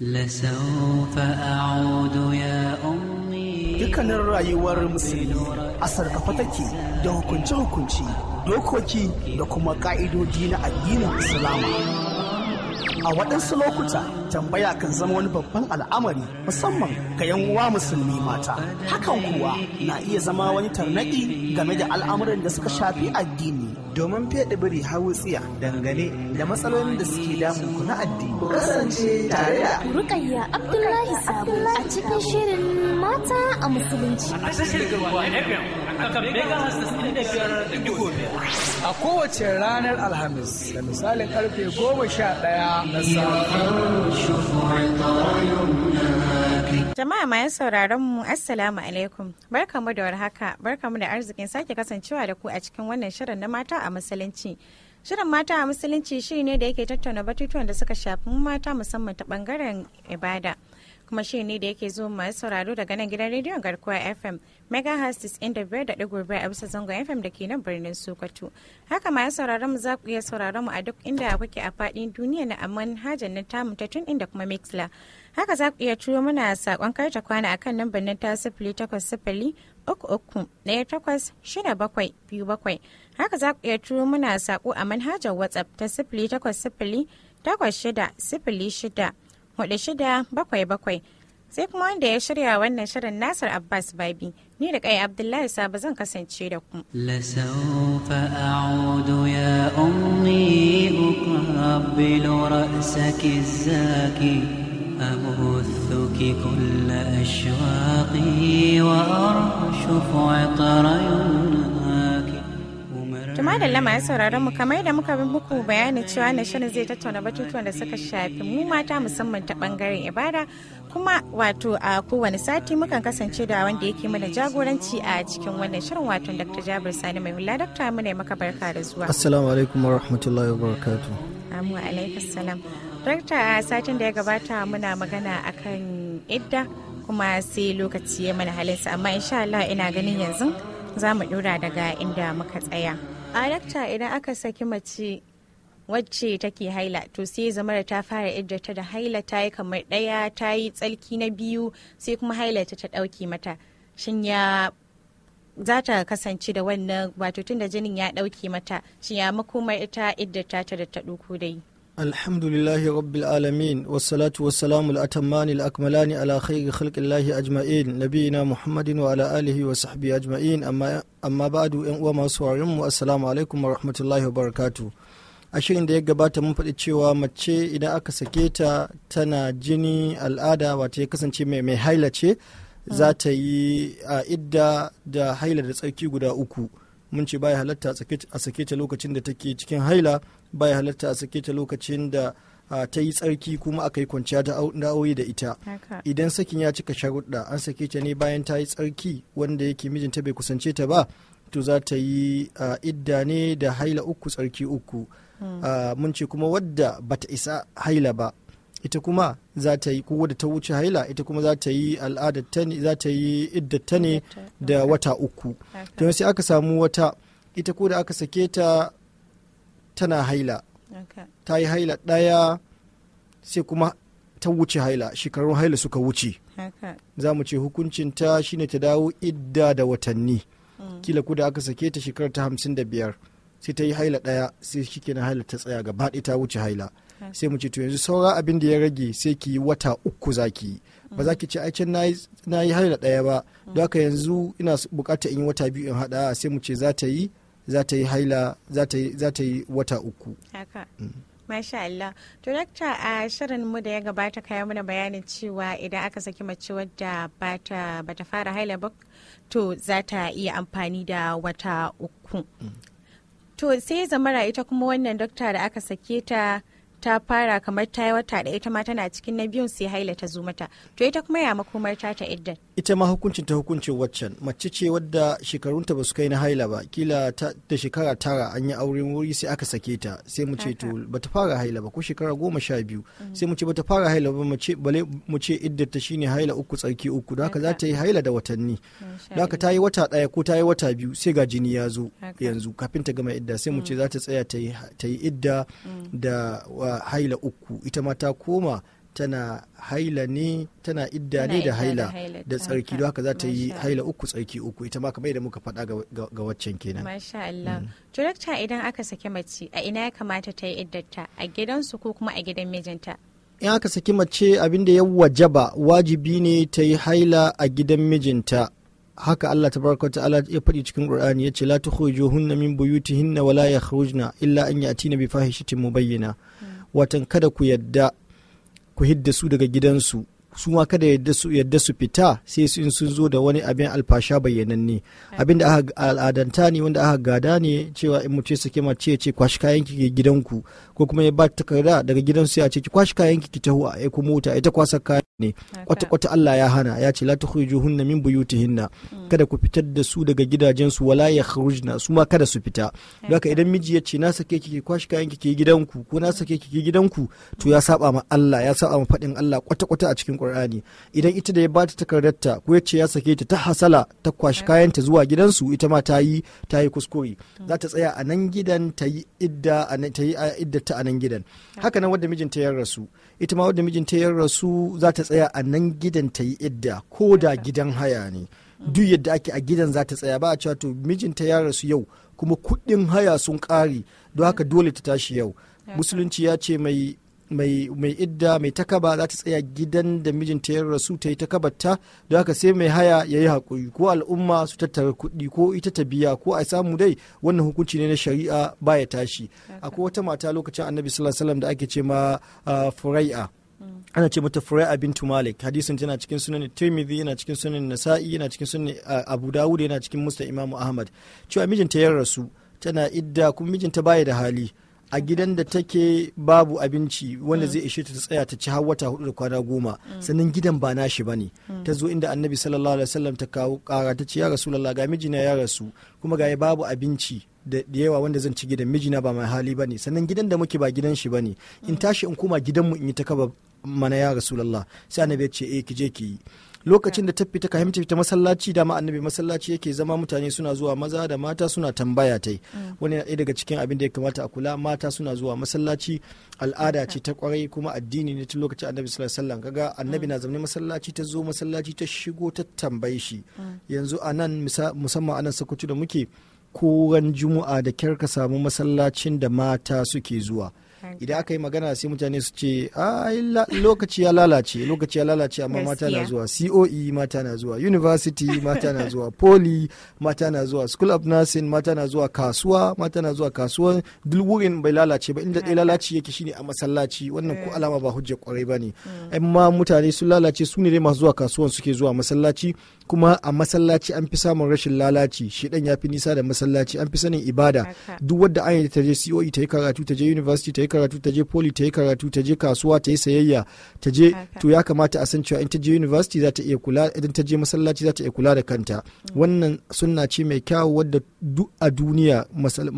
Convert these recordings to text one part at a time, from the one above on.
dukkanin rayuwar musulmi a sarkafa take da hukunce-hukunce dokoki da kuma ƙa'idodi na addinin islama a waɗansu lokuta tambaya kan zama wani babban al'amari musamman ga yan uwa musulmi mata hakan kuwa na iya zama wani tarnaƙi game da al'amuran da suka shafi addini domin fiye biri hawu tsiya dangane da matsalolin da suke damu ku na addini ku kasance tare da rukayya abdullahi sabo a cikin shirin mata a musulunci A kowace ranar Alhamis, da misalin karfe goma sha ɗaya na Jama'a mayan sauraron mu Assalamu alaikum. Barkamu da warhaka, barkamu da arzikin sake kasancewa da ku a cikin wannan shirin na mata a musulunci. Shirin mata a musulunci shi ne da yake tattauna batutuwan da suka shafi mata musamman ta bangaren ibada. kuma shi ne da yake zo masu sauraro daga nan gidan rediyon garkuwa fm megahertz inda biyar da ɗigo biyar a bisa zangon fm da ke nan birnin sokoto haka ma ya sauraron mu za ku iya sauraron mu a duk inda kuke a faɗin duniya na amman hajjan na tamu ta tun inda kuma mixla haka za ku iya turo mana sakon karta kwana akan lambar na ta sifili takwas sifili uku uku ɗaya takwas shida bakwai biyu bakwai haka za ku iya turo mana sako a manhajar whatsapp ta sifili takwas sifili takwas shida sifili shida bakwai sai kuma wanda ya shirya wannan shirin Nasir Abbas Babi ni da kai Abdullahi Saba zan kasance da ku. لسوف أعود يا أمي أقبل رأسك الزاكي أبثك كل أشواقي وأرشف عطر يمنى Tuma da ya sauraron mu kamar yadda muka bi muku bayani cewa na shirin zai tattauna batutuwan da suka shafi mu mata musamman ta bangaren ibada kuma wato a kowane sati mukan kasance da wanda yake mana jagoranci a cikin wannan shirin wato Dr. Jabir Sani mai hula Dr. Amina maka barka da zuwa. Assalamu alaikum wa rahmatullahi wa barakatuh. Amu alaikum salam. Dr. satin da ya gabata muna magana akan idda kuma sai lokaci ya mana halinsa amma insha Allah ina ganin yanzu za mu dora daga inda muka tsaya. a idan aka saki mace wacce take haila to sai zama da ta fara iddata da haila ta yi kamar ɗaya ta yi tsalki na biyu sai kuma haila ta ta ɗauke mata shin ya za ta kasance da wannan wato tun da jinin ya ɗauke mata shin ya makomar ita iddata ta da ta dai alhamdulillahi rabbil alamin wasalatu wasalamu al'atamman al'akmalani ala khairu khalqin lahi ajma'in nabi muhammadin wa ala alihi wa sahbi ajma'in amma ba'du yan uwa masu warin mu assalamu alaikum wa rahmatullahi wa barakatu ashirin da ya gabata mun faɗi cewa mace idan aka sake ta tana jini al'ada wata ya kasance mai haila ce za ta yi a idda da haila da tsarki guda uku mun ce baya halatta a sake ta lokacin da take cikin haila baya halatta a sake ta lokacin da ta yi tsarki kuma aka yi kwanciya da aure da ita idan sakin ya cika sharuɗa an sake ta ne bayan ta yi tsarki wanda yake mijinta bai kusance ta ba to za ta yi idda ne da haila uku tsarki uku hmm. mun ce kuma wadda bata isa haila ba ita kuma za ta yi kowa da ta wuce haila ita kuma za ta yi ne za ta yi iddata ne da wata uku to sai aka samu wata ita ko da aka sake ta tana haila ta yi haila ɗaya sai kuma ta wuce haila shekarun haila suka wuce za mu ce hukuncinta shine ta dawo idda da watanni mm. kila ko da aka sake ta shekarar ta hamsin da biyar sai ta yi haila ɗaya sai na haila ta tsaya gaba ta wuce haila sai mu ce to yanzu saura abin da ya rage sai ki yi wata uku za ba za ki ce ai can na yi har da ɗaya ba don haka yanzu ina bukata in yi wata biyu in haɗa sai mu ce za ta yi za ta yi haila za ta yi wata uku. Mm. Masha Allah. To dakta a shirin mu da ya gabata kaya mana bayanin cewa idan aka saki mace wadda ba ta fara haila ba to za ta iya amfani da wata uku. Mm. To sai zamara ita kuma wannan dokta da aka sake ta ta fara kamar ta yi wata da ita ma tana cikin na biyun sai haila ta zo mata to ita kuma ya makomar ta ta iddan ita ma hukuncin ta hukuncin waccan mace ce wadda shekarunta ba su kai na haila ba kila da shekara tara an yi auren wuri sai aka sake ta sai mu ce to ba ta fara haila ba ko shekara goma sha biyu mm. sai mu ce ba ta fara haila ba bale mu ce ta shine haila uku tsarki uku da haka za ta yi haila da watanni da haka ta yi wata daya ko ta yi wata biyu sai ga jini ya zo yanzu kafin ta gama idda sai mu ce mm. za ta tsaya ta yi idda mm. da haila uku ita ma ta koma tana haila ne tana idda ne da haila da tsarki don haka za ta yi haila uku tsarki uku ita ma kamar da muka faɗa ga waccan kenan masha Allah mm. to idan aka saki mace a ina ya kamata ta yi iddarta a gidansu ko kuma a gidan mijinta in aka saki mace abin da ya wajaba wajibi ne ta yi haila a gidan mijinta haka Allah ta ta'ala ya faɗi cikin Qur'ani ya ce la tukhrijuhunna min buyutihinna wala yakhrujna illa an ya'tina bi fahishatin mubayyana mm. watan kada ku yadda ku hidda su daga gidansu su ma kada yadda su fita sai su in sun zo da wani abin alfasha bayyananne abin da aka al'adanta ne wanda aka gada ne cewa in mutum sake ma ce ce kwashi kayan ki gidanku ko kuma ya ba takarda daga gidansu ya ce ki kwashi kayan ki ki taho a aiko mota ita kwasa kayan ne wata Allah ya hana ya ce la tukhrijuhunna min buyutihinna hmm. kada ku fitar da su daga gidajensu wala yakhrujna su ma kada su fita haka idan miji ya ce na sake kike kwashi kayan ki gidanku ko na sake ki gidanku to ya saba ma Allah ya saba ma fadin Allah kwata-kwata a cikin Qur'ani idan ita da ya ba bata takardarta ko ya ce ya sake ta ta hasala ta kwashi kayan ta zuwa gidansu ita ma ta yi ta yi kuskure hmm. za ta tsaya a nan gidan ta yi idda ta yi idda ta a nan gidan haka nan wanda mijinta ya rasu ita ma wanda mijinta ya rasu za ta tsaya a nan gidan ta yi idda ko da gidan haya ne duk yadda ake a gidan za ta tsaya ba a cewa to mijinta ya rasu yau kuma kuɗin haya sun ƙare don haka dole ta tashi yau musulunci ya ce mai mai mai idda mai takaba za ta tsaya gidan da mijinta ya rasu ta yi takabarta don haka sai mai haya ya yi hakuri ko al'umma su tattara kuɗi ko ita ta biya ko a samu dai wannan hukunci ne na shari'a ba ya tashi akwai wata mata lokacin annabi sallallahu alaihi da ake ce ma ah, furai'a ana ce mata Fura'a bintu Malik hadisin tana cikin sunan Tirmidhi yana cikin sunan Nasa'i yana cikin sunan uh, Abu Dawud yana cikin musta imamu Ahmad cewa mijinta ya rasu tana idda kuma mijinta baya da hali a gidan da take babu abinci wanda zai ishe ta tsaya ta ci har wata hudu da kwana goma sannan gidan ba nashi ba ne ta zo inda annabi sallallahu alaihi wasallam ta kawo kara ta ce ya rasulullah ga mijina ya rasu kuma ga babu abinci da yawa wanda zan ci gidan mijina ba mai hali ba ne sannan gidan da muke ba gidan shi ba ne in tashi in koma gidan mu in yi ta kaba mana ya rasulullah sai annabi ya ce eh ki je ki yi lokacin da ta fita ka himta fita masallaci dama annabi masallaci yake zama mutane suna zuwa maza da mata suna tambaya ta yi mm. wani na daga cikin abin da ya kamata a kula mata suna zuwa masallaci al'ada ce ta kwarai kuma addini ne tun lokacin annabi sallallahu alaihi wasallam kaga annabi na zaune masallaci ta zo masallaci ta shigo ta tambaye shi mm. yanzu anan musamman anan sakutu da muke koran juma'a da kyar ka samu masallacin da mata suke zuwa idan aka yi magana sai mutane su ce lokaci ya lalace lokaci ya lalace amma mata na zuwa coe mata na zuwa university mata na zuwa poli mata na zuwa school of nursing mata na zuwa kasuwa mata na zuwa kasuwa duk wurin bai lalace ba inda ɗaya lalace yake shine a masallaci wannan ko eh. alama ba hujja kwarai ba ne mm. amma mutane sun lalace su ne dai masu zuwa kasuwan suke zuwa masallaci kuma a masallaci an fi samun rashin lalaci shedan ya fi nisa da masallaci an fi sanin ibada duk wadda an yi ta je COE ta yi karatu ta je university ta yi karatu ta je poli ta yi karatu ta je kasuwa ta yi sayayya ta je to ya kamata a san cewa in ta je university za ta iya kula idan ta je masallaci za ta iya kula da kanta mm. wannan sunna ce mai kyau wadda duk a duniya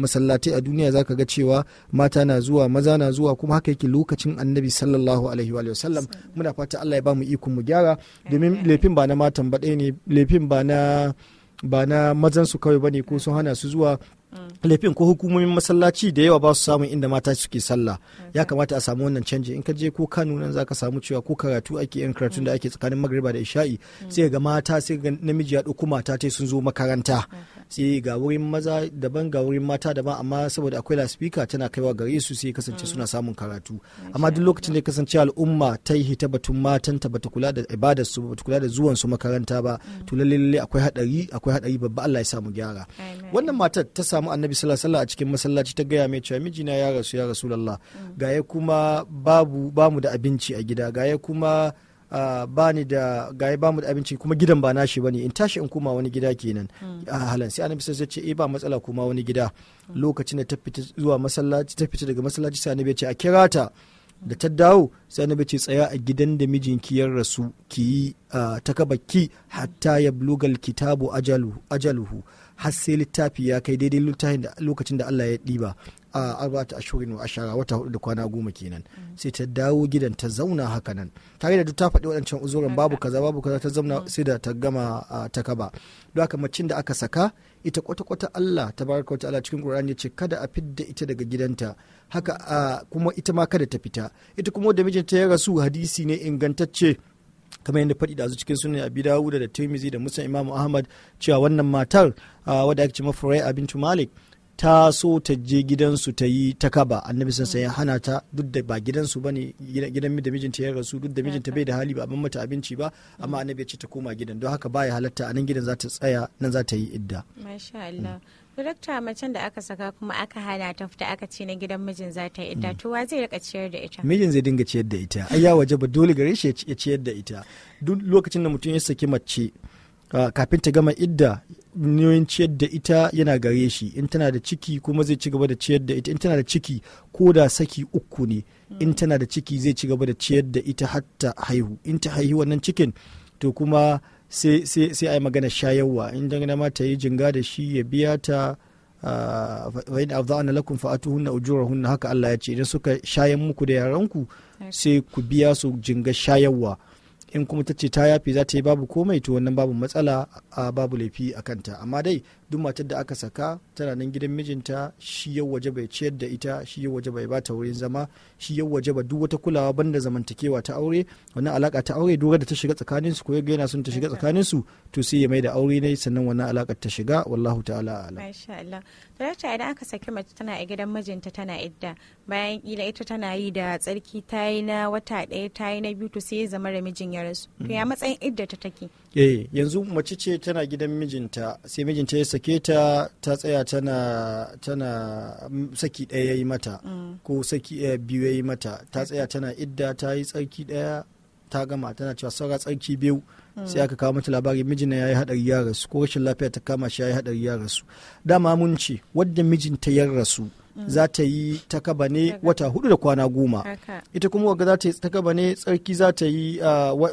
masallatai a duniya zaka ga cewa mata na zuwa maza na zuwa kuma haka yake lokacin annabi sallallahu alaihi wa sallam muna fata Allah ya ba mu iko mu gyara domin laifin ba na matan ba ɗaya ne laifin ba na mazansu na mazan su kawai bane ko sun hana su zuwa laifin ko hukumomin masallaci da yawa ba su samun inda mata suke sallah ya kamata a samu wannan canji in ka je ko kano nan zaka samu cewa ko karatu ake yin karatu da mm. ake tsakanin magriba da isha'i mm. sai ga mata sai ga namiji ya ɗauko mata tai sun zo makaranta sai ga wurin maza daban ga wurin mata daban amma saboda akwai laspika tana kaiwa gare su sai kasance mm. suna samun karatu amma duk lokacin da kasance al'umma ta yi hita batun matan ta bata kula da ibadar su bata kula da zuwan su makaranta ba to lalle akwai hadari akwai hadari babba Allah ya samu gyara wannan matar ta samu annabi sallallahu alaihi a cikin masallaci ta gaya mai cewa mijina ya rasu ya rasulullah gaya kuma babu bamu da abinci a gida gaya kuma ba ni da gaya bamu da abinci kuma gidan ba nashi bane in tashi in koma wani gida kenan hmm. a halan sai annabi sai ce eh ba matsala kuma wani gida hmm. lokacin da ta fita zuwa masallaci ta fita daga masallaci sai annabi ya ce a kirata da ta dawo sai annabi ce tsaya a gidan da mijinki ya rasu ki yi ta kabaki hatta ya blugal kitabu ajaluhu har sai littafi ya kai daidai lokacin da Allah ya ɗiba a arba'ata ashirin wa ashara wata hudu da kwana goma kenan sai ta dawo gidan ta zauna haka nan tare da duk ta faɗi waɗancan uzuran babu kaza babu kaza ta zauna sai da ta gama ta kaba don haka macin da aka saka ita kwata-kwata Allah ta baraka wata Allah cikin Qur'ani ce kada a fidda ita daga gidanta haka kuma ita ma kada ta fita ita kuma da mijinta ya rasu hadisi ne ingantacce kamar yadda faɗi da cikin sunan abi dawud da tirmizi da musa imamu ahmad cewa wannan matar wadda ake ce mafurai abin malik ta so ta je gidansu ta yi ta kaba annabi sansa ya hana ta duk da ba gidansu bane gidan da mijinta ya rasu duk da mijinta bai da hali ba abin mata abinci ba amma annabi ya ce ta koma gidan don haka baya halatta a nan gidan za ta tsaya nan za ta yi idda masha Allah Direkta macen da aka saka kuma aka hana ta fita aka ce na gidan mijin za ta yi idda. Mm. to wa zai rika ciyar da ita mijin zai dinga ciyar da ita ai ya waje ba dole gare shi ya ciyar da ita duk lokacin da mutum ya saki mace ah, kafin ta gama idda nauyin ciyar da ita yana gare shi in tana da ciki kuma zai ci gaba da ciyar da ita in tana da ciki ko da saki uku ne in tana da ciki zai ci gaba da ciyar da ita hatta haihu in ta haihu wannan cikin to kuma sai a yi magana shayarwa in dangana ma ta yi jinga da shi ya biya ta fa in afda'ana lakum fa atuhunna ujurahunna haka Allah ya ce idan suka shayan muku da yaranku sai ku biya su jinga shayarwa in kuma ta ce ta yafi za ta yi babu komai to wannan babu matsala a babu laifi a kanta amma dai duk matar da aka saka tana nan gidan mijinta shi yau waje bai ciyar da ita shi yau waje bai bata wurin zama shi yau waje ba duk wata kulawa banda zamantakewa ta aure wannan alaka ta aure dogar da ta shiga tsakanin su ko ya yana son ta shiga tsakanin su to sai ya mai da aure ne sannan wannan alaka ta shiga wallahu ta'ala ala masha Allah to idan aka saki mace tana a gidan mijinta tana idda bayan kila ita tana yi da tsarki tayi na wata ɗaya ta na biyu to sai ya zama da mijin ya rasu to ya mm. matsayin idda ta take eh yanzu mace ce tana gidan mijinta sai mijinta ya sake ta ta tsaya tana tana mm, saki ɗaya ya yi mata ko saki eh, biyu ya yi mata ta tsaya tana idda ta yi tsarki ɗaya ta gama tana cewa saura tsarki biyu sai aka kawo mata labari mijin ya yi haɗari ya rasu ko rashin lafiya ta kama shi ya yi haɗari ya rasu dama mun ce wadda mijinta ya rasu Mm. za ta yi ta kaba ne wata hudu da kwana goma ita kuma wagga za ta yi kaba ne tsarki za ta yi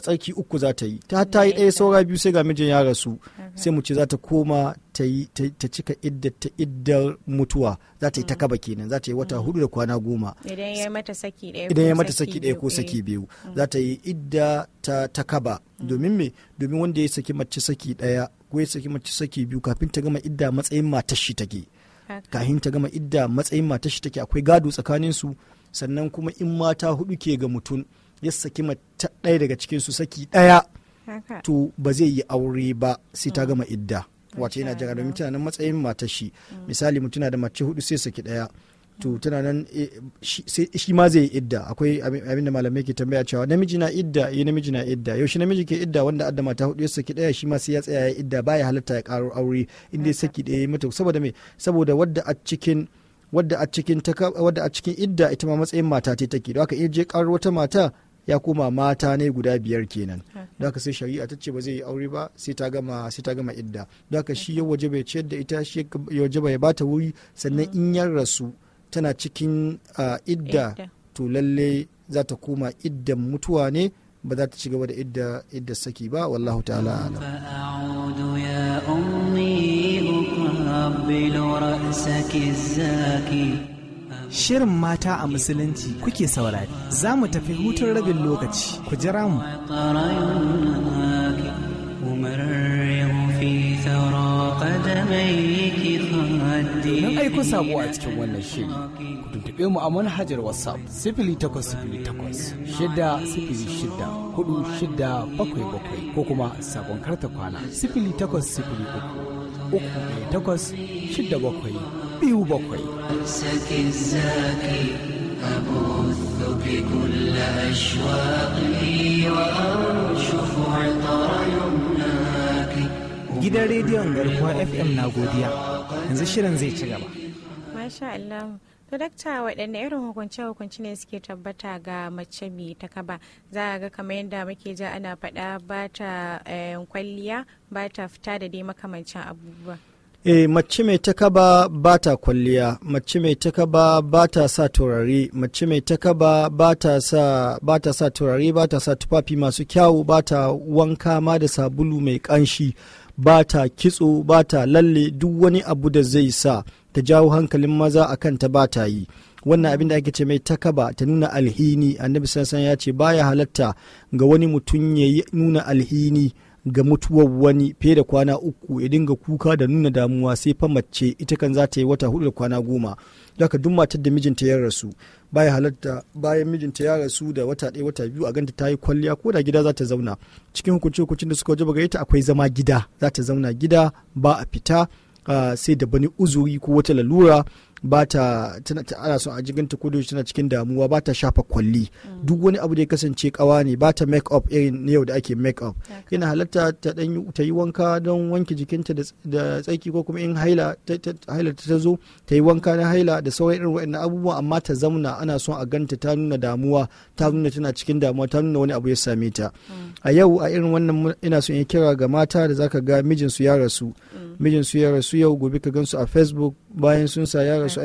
tsarki uku za ta yi ta hatta yi ɗaya saura biyu sai ga mijin ya rasu sai mu ce za ta koma ta yi ta cika idda ta iddar mutuwa za ta yi ta mm. kaba kenan za ta yi wata mm. hudu da kwana goma idan ya mata saki ɗaya ko saki biyu eh. za ta yi idda ta ta kaba domin me domin wanda ya saki mace saki ɗaya ko ya saki mace saki biyu kafin ta gama idda matsayin matashi take kahin ta gama idda matsayin matar shi take akwai gado tsakanin su sannan kuma in mata hudu ke ga mutum ya saki mata ɗaya daga cikin su saki ɗaya to ba zai yi aure ba sai ta mm. gama idda wace yana jira domin nan matsayin mata shi mm. misali mutum da mace hudu sai saki ɗaya to tana nan eh, shi ma zai idda akwai abin da malamai ke tambaya cewa namiji na idda eh namiji na idda yaushe namiji ke idda wanda adda mata hudu ya saki daya shi ma sai ya tsaya ya idda baya halatta ya karo aure inda ya saki daya mata saboda me saboda wadda a cikin wadda a cikin wadda a cikin idda ita ma matsayin mata ta take don haka in je karo wata mata ya koma mata ne guda biyar kenan da haka sai shari'a ta ce ba zai yi aure ba sai ta gama sai ta gama idda da haka shi ya waje bai ciyar da ita shi ya waje bai bata wuri sannan in ya rasu tana cikin ah, idda to lalle za ta koma iddan mutuwa ne ba za ta ci gaba da idda saki ba wallahu ta'ala Shirin mata a musulunci kuke saurari za mu tafi hutun rabin lokaci ku jira mu في mu samu a cikin wannan shiri ku tuntuɓe mu a manhajar whatsapp sifili takwas sifili takwas shida sifili shida hudu shida bakwai bakwai ko kuma sakon karta kwana sifili takwas sifili uku uku ɗaya takwas shida bakwai biyu bakwai. أبث بكل أشواقي وأرشف عطر يمناك gidan rediyon garkuwa fm na godiya yanzu shirin zai ci gaba Masha Allah. To dakta waɗanne irin hukunce hukunci ne suke tabbata ga mace mai takaba za a ga kamar yadda muke ja ana faɗa ba ta eh, kwalliya ba ta fita da dai makamancin abubuwa. E, mace mai takaba ba ta kwalliya, mace mai takaba ba ta sa turare, mace mai takaba ba ta sa turare, ba ta sa tufafi masu kyawu, ba ta wanka ma da sabulu mai ƙanshi. ba ta kitso ba ta lalle duk wani abu da zai sa ta jawo hankalin maza a kanta ba ta yi wannan abin da ake ce mai takaba ta nuna alhini annabi sansan ya ce baya halatta ga wani mutum ya nuna alhini ga mutuwar wani fiye da kwana uku ya dinga kuka da nuna damuwa sai fa mace ita kan za ta yi wata hudu da kwana goma daga duk matar da mijinta ya rasu baya halatta bayan mijinta ya rasu da wata ɗaya wata biyu a ganta ta yi kwalliya ko da gida za ta zauna cikin hukunci hukuncin da suka waje baga ita akwai zama gida za ta zauna gida ba a fita ah, sai da bani uzuri ko wata lalura ba ta ana son a jiginta ko tana cikin damuwa ba ta shafa kwalli mm. duk wani abu da ya kasance kawa ne ba ta make up irin na yau da ake make up yana halatta ta dan ta yi wanka don wanke jikinta da tsaki ko kuma in haila ta zo ta yi wanka na haila da sauran irin wa'annan abubuwa amma ta zamna ana son a ganta ta nuna damuwa ta nuna tana cikin damuwa ta nuna wani abu ya same ta mm. a yau a irin wannan ina son ya kira ga mata da zaka ga mijinsu ya rasu mm. mijinsu ya rasu yau gobe ka gansu a facebook bayan sun sa ya rasu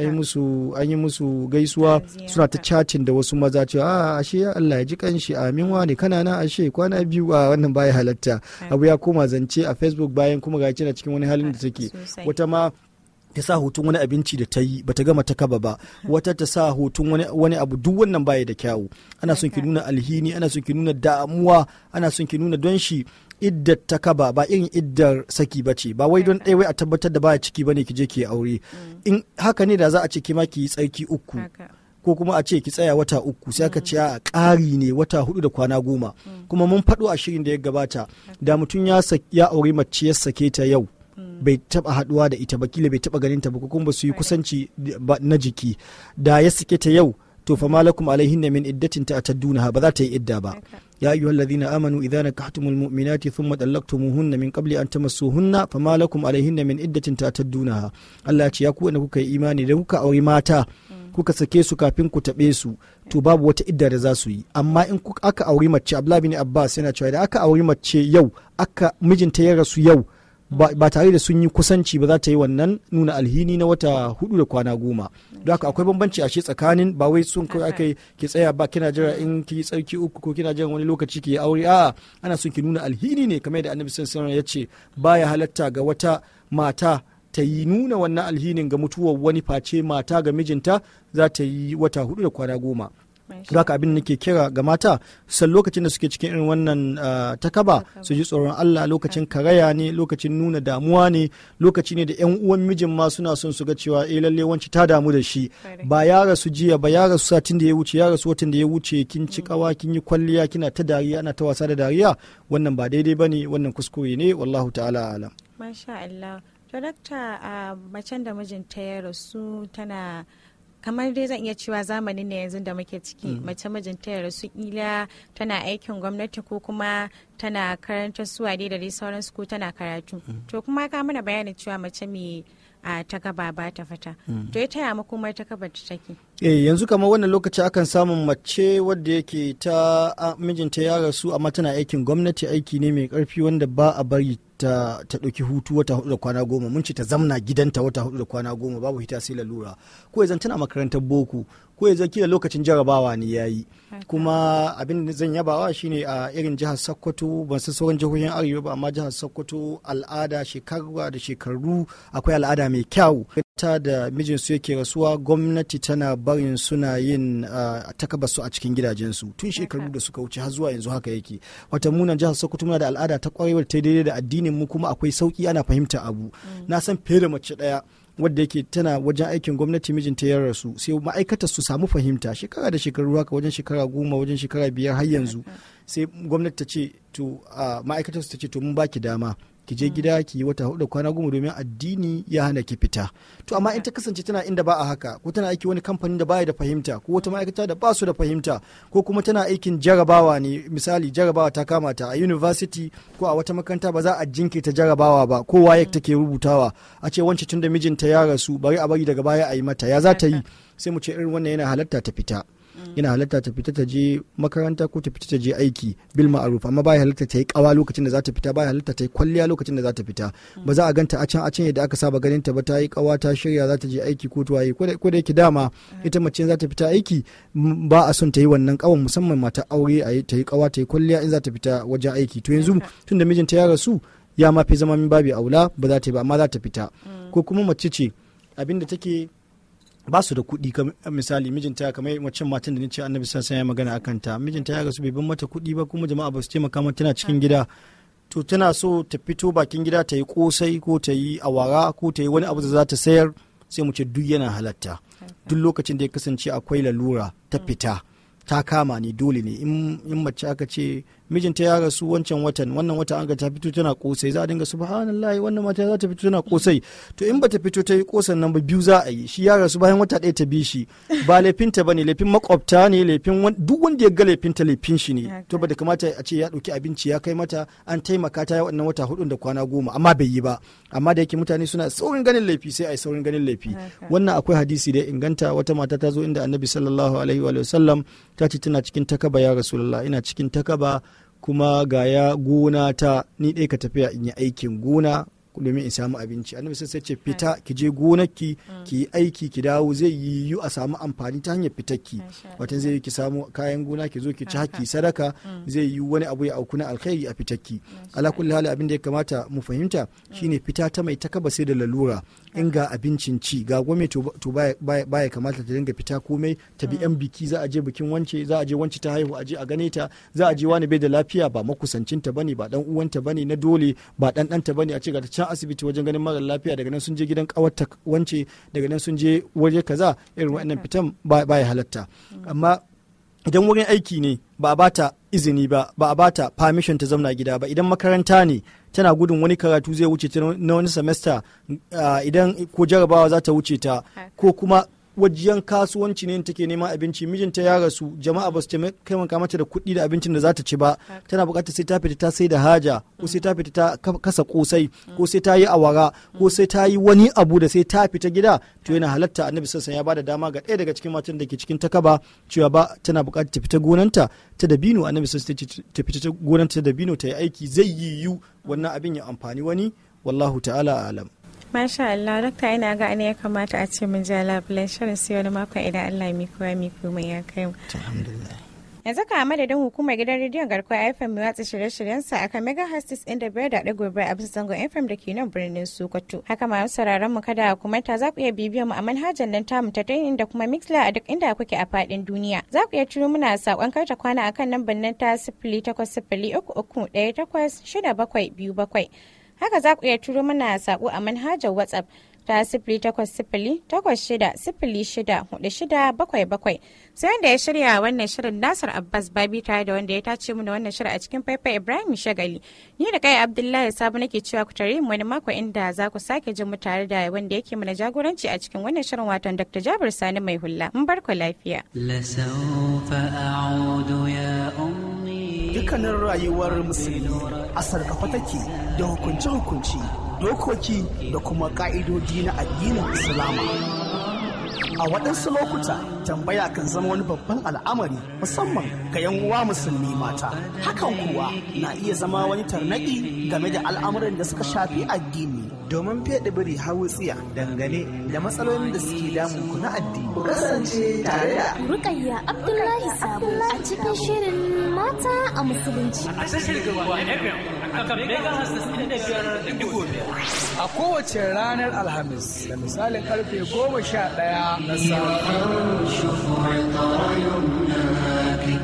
an yi musu gaisuwa suna ta cacin da wasu maza cewa a ah, ashe Allah ya ji kanshi amin wani kana na ashe kwana biyu a ah, wannan baya halatta abu ya koma zance a facebook bayan kuma ga na cikin wani halin da take wata ma ta sa hoton wani abinci da ta yi bata gama ta kaba ba wata ta sa hoton wani, abu duk wannan baya da kyawu ana son ki nuna alhini ana son ki nuna damuwa ana son ki nuna don shi iddar ta kaba ba irin iddar saki ba ce ba wai don ɗaya wai a tabbatar da ba ya ciki bane ki je ki aure mm. in haka ne da za a ce ki ma ki yi tsarki uku ko kuma a ce ki tsaya wata uku sai aka ce mm. a ƙari ne wata hudu da kwana goma mm. kuma mun faɗo a shirin da ya gabata da mutum ya aure mace ya sake ta yau bai taba haduwa da ita ba kila bai taba ganin ta ba kuma ba su yi kusanci na jiki da ya sake ta yau to fa malakum alaihin min iddatin ta duna ba za ta yi idda ba يا أيها الذين آمنوا إذا نكحتم المؤمنات ثم طلقتموهن من قبل أن تمسوهن فما لكم عليهن من عدة تعتدونها الله يا ku da kuka yi imani da kuka auri mata kuka sake su kafin ku taɓe su to babu wata idda da za su yi amma in aka auri mace Abdullahi bin Abbas yana cewa da aka auri mace yau aka mijinta ya rasu yau ba tare da sun yi kusanci ba za ta yi wannan nuna alhini na wata hudu da kwana goma don haka akwai bambanci ashe tsakanin ba wai sun kawai aka ki tsaya ba kina jira in ki tsarki uku ko kina jira wani lokaci ki aure a'a ana son ki nuna alhini ne kamar yadda annabi sallallahu alaihi ya ce baya halatta ga wata mata ta yi nuna wannan alhinin ga mutuwar wani face mata ga mijinta za ta yi wata hudu da kwana goma da haka abin da nake kira ga mata san lokacin da suke cikin irin wannan ah, takaba su ji tsoron Allah lokacin karaya ne lokacin nuna damuwa ne lokaci ne da yan uwan mijin ma suna son su ga cewa eh lalle wanci ta damu da shi ba ya rasu jiya ba ya rasu satin da ya wuce ya rasu watan da ya wuce kin ci kawa mm. kin yi kwalliya kina ta dariya ana ta wasa da dariya wannan ba daidai bane wannan kuskure ne wallahu ta'ala alam masha Allah a ah, macen da mijinta ya rasu tana kamar dai zan iya cewa zamanin ne yanzu da muke ciki mm. mace mijinta ya rasu kila tana aikin gwamnati ko kuma tana karanta suwa dai da dai sauran su ko tana karatu mm. to kuma ka mana bayanin cewa mace mai a ta gaba ba ta fata mm. to ya taya mai ta gaba ta take eh yanzu kamar wannan lokaci akan samun mace wadda yake ta mijinta ya rasu amma tana aikin gwamnati aiki ne mai karfi wanda ba a bari ta ta ɗauki hutu wata hudu da kwana goma mun ce ta zamna gidanta wata hudu da kwana goma babu hita sai lalura ko yanzu tana makarantar boko ko yanzu kila lokacin jarabawa ne yayi kuma abin da zan yabawa shine a irin jihar Sokoto ban san sauran jihohin Arewa ba amma jihar Sokoto al'ada shekaru da shekaru akwai al'ada mai kyau ta da mijinsu yake rasuwa gwamnati tana barin suna yin su a cikin gidajensu tun shekaru da suka wuce har zuwa yanzu haka yake wata munan jihar sokoto muna da al'ada ta kwarewar ta daidai da addinin mu kuma akwai sauki ana fahimta abu mm. na san fiye da mace daya wadda yake tana wajen aikin gwamnati mijinta ya rasu sai ma'aikatar su samu fahimta shekara da shekaru haka wajen shekara goma wajen shekara biyar har yanzu mm. sai gwamnati ta ce to ma'aikatar su ta ce to mun baki dama ki je gida ki yi wata hudu kwana goma domin addini ya hana ki fita to amma in ta kasance tana inda ba a haka ko tana aiki wani kamfani da baya da fahimta ko wata ma'aikata da ba su da fahimta ko kuma tana aikin jarabawa ne misali jarabawa ta kama ta a university ko a wata makaranta ba za a jinke ta jarabawa ba ko waye take rubutawa a ce wance tun da mijinta ya rasu bari a bari daga baya a yi mata ya za ta yi sai mu ce irin wannan yana halatta ta fita yana halatta ta fita ta je makaranta ko ta fita ta je aiki bil ma'aruf amma baya halatta ta yi kawa lokacin da za ta fita baya halatta ta yi kwalliya lokacin da za ta fita mm. ba za a ganta a can a can yadda aka saba ganin ta ba ta yi kawa ta shirya za ta je aiki ko tuwaye ko da yake dama mm. ita mace za ta fita aiki ba a son ta yi wannan kawan musamman mata aure a ta yi kawa ta yi kwalliya in za ta fita wajen aiki to yanzu tun da mijinta ya rasu ya ma fi zama min babi aula ba za ta yi ba amma za ta fita mm. ko kuma mace ce abinda take ba su da kuɗi misali mijinta kamar mace matan da nace annabi sallallahu ya magana akan ta mijinta ya gasu bai ban mata kuɗi ba kuma jama'a ba su taimaka mata tana cikin gida to tana so ta fito bakin gida ta yi kosai ko ta yi awara ko ta yi wani abu da za ta sayar sai mu ce duk yana halatta duk lokacin da ya kasance akwai lalura ta fita ta kama ne dole ne in mace aka ce mijinta ya rasu wancan watan wannan wata an ga ta fito tana kosai za a dinga subhanallah wannan mata za ta fito tana kosai to in bata fito ta yi kosan nan ba biyu za a yi shi ya rasu bayan wata ɗaya ta bi shi ba laifinta ba ne laifin makwabta ne laifin duk wanda ya ga laifinta laifin shi ne to ba da kamata a ce ya ɗauki abinci ya kai mata an taimaka ta wannan wata hudu da kwana goma amma bai yi ba amma da yake mutane suna saurin ganin laifi sai a yi saurin ganin laifi wannan akwai hadisi da inganta wata mata ta zo inda annabi sallallahu alaihi wa sallam ta ce tana cikin takaba ya rasulullah ina cikin takaba kuma ga ya gona ta ni ɗaya ka tafiya in yi aikin gona domin in samu abinci annabi sai sai ce fita ki je gonarki mm. ki yi aiki ki dawo zai yi yu a samu amfani ta hanyar fitarki watan zai yi ki samu kayan gona ki zo ki ci haki sadaka mm. zai yi wani abu ya auku na alkhairi a fitarki ala kulli hali abin da ya kamata mu fahimta shine fita ta mai takaba sai da lalura inga abincin ci ga gwamnati to baya kamata ta dinga fita komai ta bi yan mm. biki za a je bikin wance za a je wance ta haihu a je a gane ta za a je wani bai da lafiya ba makusancin ta bane ba dan uwanta bane na dole ba dan dan ta bane a ce ga ta can asibiti wajen ganin mara lafiya daga nan sun je gidan ta wance daga nan sun je waje kaza irin wa'annan fitan baya halatta mm. amma idan wurin aiki ne ba a bata izini ba ba a bata permission ta zauna gida ba idan makaranta ne tana gudun wani karatu zai wuce ta na wani semester ah, idan ko jarabawa za ta wuce ta ko kuma wajiyan kasuwanci ne take nema abinci mijinta ya rasu jama'a ba su taimaka mata da kuɗi da abincin da za ta ci ba tana buƙatar sai ta fita ta sai da haja ko sai ta fita ta kasa kosai mm. ko sai ta yi awara ko mm. sai ta yi wani abu da sai ta fita gida to yana halatta annabi sassan ya bada dama ga ɗaya daga cikin matan da ke cikin takaba cewa ba tana buƙatar ta fita gonanta ta dabino annabi sassan ta fita gonanta ta dabino ta yi aiki zai yiwu wannan abin ya amfani wani wallahu ta'ala alam Masha Allah, Dokta ina ga ne ya kamata a ce mun ja labulen shirin sai wani makon idan Allah mi kowa mi kuma ya kai mu. Alhamdulillah. yanzu ka madadin hukumar gidan rediyon garkuwa fm mai watsa shirye-shiryensa a kan mega ɗin da biyar da ɗigo biyar a bisa zangon fm da ke nan birnin sokoto haka ma sauraron mu kada kuma ta za ku iya bibiyar mu a manhajar nan tamu ta dainin da kuma mixla a duk inda kuke a faɗin duniya za ku iya turo muna saƙon karta kwana a kan nan ta sifili takwas sifili uku uku ɗaya takwas shida bakwai biyu bakwai Haka za ku iya turo mana saƙo a manhajar WhatsApp ta sifili takwas sifili takwas shida sifili shida hudu shida bakwai bakwai sai wanda ya shirya wannan shirin nasar abbas babi tare da wanda ya tace mu wannan shirin a cikin faifai ibrahim shagali ni da kai abdullahi sabu nake cewa ku tare mu wani mako inda za ku sake jin mu tare da wanda yake mana jagoranci a cikin wannan shirin watan dr jabir sani mai hulla mun bar ku lafiya um dukkanin rayuwar musulmi a sarkafa take da hukunce-hukunce dokoki da kuma ƙa'idodi na addinin islama. A waɗansu lokuta tambaya kan zama wani babban al'amari musamman ga 'yan uwa musulmi mata. Hakan kuwa na iya zama wani tarnaƙi game da al'amuran da suka shafi addini. Domin feɗi biri hawu tsiya dangane da matsalolin da suke damun ku na addini. Ku kasance tare da Rukayya Abdullahi Sabo a cikin shirin mata a musulunci. A A kowace ranar Alhamis da misalin karfe goma sha ɗaya na sa.